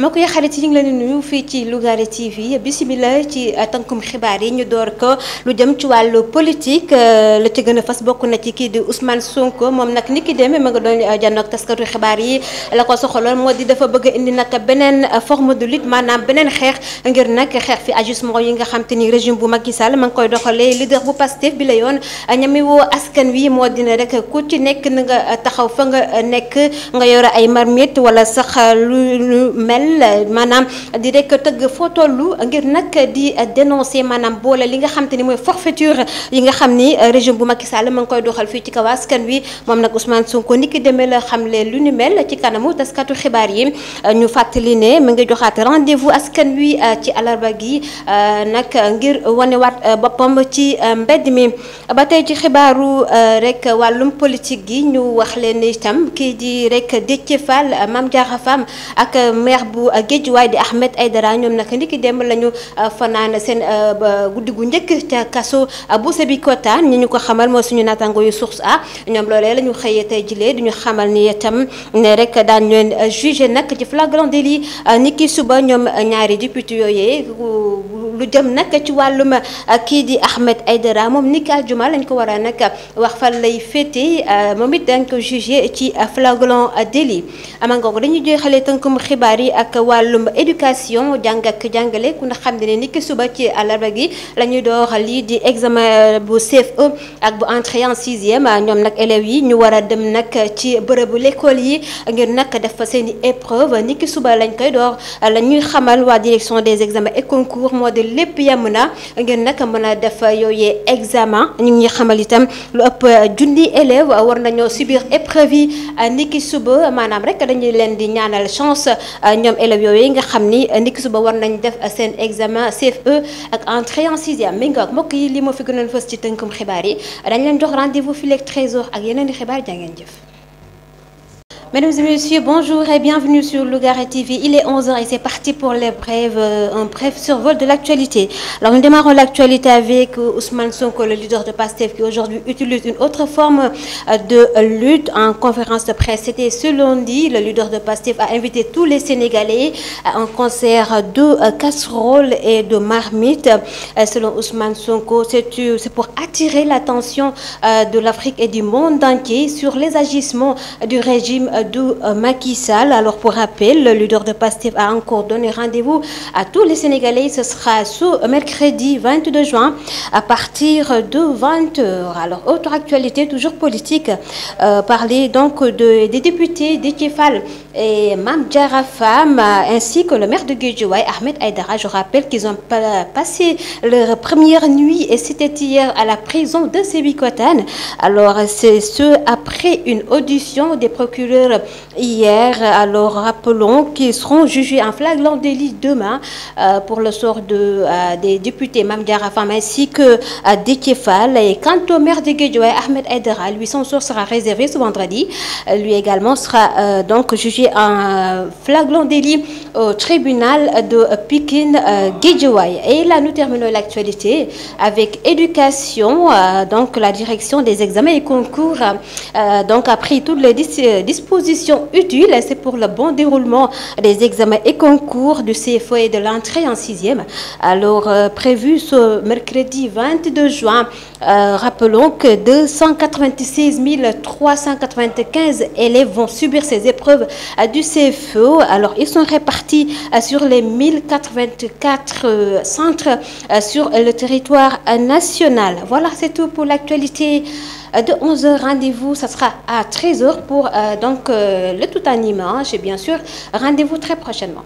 moo koy xarit yi ngi leen di nuyu fii ci Lougaré TV bisimilah ci euh, tënkum xibaar yi ñu door ko lu jëm ci wàllu politique euh, la ci gën a fas bokk na ci kii di Ousmane Sonko moom nag ni ki demee ma nga doon euh, jànn ak taskatu xibaar yi la ko soxaloon moo di dafa bëgg indi nag beneen forme de lutte maanaam beneen xeex ngir nag xeex fi ajustement yi nga xam te ni régime bu Macky Sall ma ngi koy doxalee leader bu Pastef bi la yoon ñami woo askan wi moo dina rek ku ci nekk na nga taxaw fa nga nekk nga yore ay marmite wala sax lu mel. Manam maanaam di rek tëgg foo tollu ngir nak di dénoncer manam boole li nga xam moy forfaiture yi nga xamni régime bu Macky Sall mang koy doxal fi ci kaw askan wi mom nak Ousmane Sonko niki la mel ci kanamu taskatu xibar yi ñu né rendez-vous askan wi euh, ci alarba gi euh, nak ngir wat euh, bopam ci mbedd mi ba ci xibaru rek walum politique gi ñu wax léne itam ki di rek Déthié Fall mam ak maire bu Géejuwaay di Ahmed Aidara ñoom nag ndiki démb lañu fanaan seen guddi gu njëkk ca kaso bu Sébikotane ñi ñu ko xamal mooy suñu naataango yu Source A ñoom loolee la ñu xëyee tey jilee di ñu xamal ni itam ne rek daan leen jugé nag ci flagrant délit ni ki suba ñoom ñaari député yooyee lu jëm nag ci wàllum kii di Ahmed Aidara moom ni ki aljuma lañ ko war a nag wax fan lay féete moom it dañ ko jugé ci flagrant délit ama nga ko dañuy joxale tënkum xibaar yi ak ak wàllum éducation jàng ak jàngale ku ni ki suba ci àllarba gi di examen euh, bu CFE ak bu en sixième euh, ñoom nak élèves yi ñu war dem nak ci bërëbu ngir nak épreuve ni ki suba lañ koy euh, la xamal direction des examens et concours moo de lépp yem ngir nak mën a examen ñu ngi xamal itam lu ëpp junni élèves war subir épreuve ni ki suba maanaam rek dañuy leen chance ñoom élèves yooyu nga xamni ni euh, ndiki suba war nañ def euh, sen examen CFE ak entrée en 6e mi ngoog mbokk yi li mo fi gënoon fess ci tënkum xibaari dañ leen jox rendez-vous fi lek 13h ak yeneen di xibaar jaa ngeen jëf Mesdames et messieurs, bonjour et bienvenue sur Lugaré TV. Il est 11h et c'est parti pour les brèves, euh, un bref survol de l'actualité. Alors nous démarrons l'actualité avec euh, Ousmane Sonko, le leader de PASTEF, qui aujourd'hui utilise une autre forme euh, de lutte en conférence de presse. C'était ce lundi, le leader de PASTEF a invité tous les Sénégalais à un concert de casseroles et de marmites. Selon Ousmane Sonko, c'est pour attirer l'attention de l'Afrique et du monde entier sur les agissements du régime de euh, Macky Alors pour rappel, le leader de PASTEF a encore donné rendez-vous à tous les Sénégalais. Ce sera ce euh, mercredi 22 juin à partir de 20h. Alors autre actualité, toujours politique, euh, parler donc des députés d'Ekefal et Mam Fam ainsi que le maire de Guéjuay, Ahmed Aydara. Je rappelle qu'ils ont passé leur première nuit et c'était hier à la prison de Sébikotan. Alors c'est ce après une audition des procureurs hier. Alors rappelons qu'ils seront jugés en flagrant délit demain euh, pour le sort de, euh, des députés Mamdiara ainsi que euh, Fall Et quant au maire de Guédioua, Ahmed Edera, lui son sort sera réservé ce vendredi. Lui également sera donc jugé en flagrant délit au tribunal de Pékin Guédioua. Et là nous terminons l'actualité avec éducation, donc la direction des examens et concours. donc a pris toutes les dispositions position utile c'est pour le bon déroulement des examens et concours du CFE et de l'entrée en sixième. Alors, euh, prévu ce mercredi 22 juin, euh, rappelons que 296 395 élèves vont subir ces épreuves euh, du CFE. Alors, ils sont répartis sur les 1084 centres sur le territoire national. Voilà, c'est tout pour l'actualité. Euh, de 11h, rendez-vous, ça sera à 13h pour euh, donc euh, le tout animage Et bien sûr, rendez-vous très prochainement.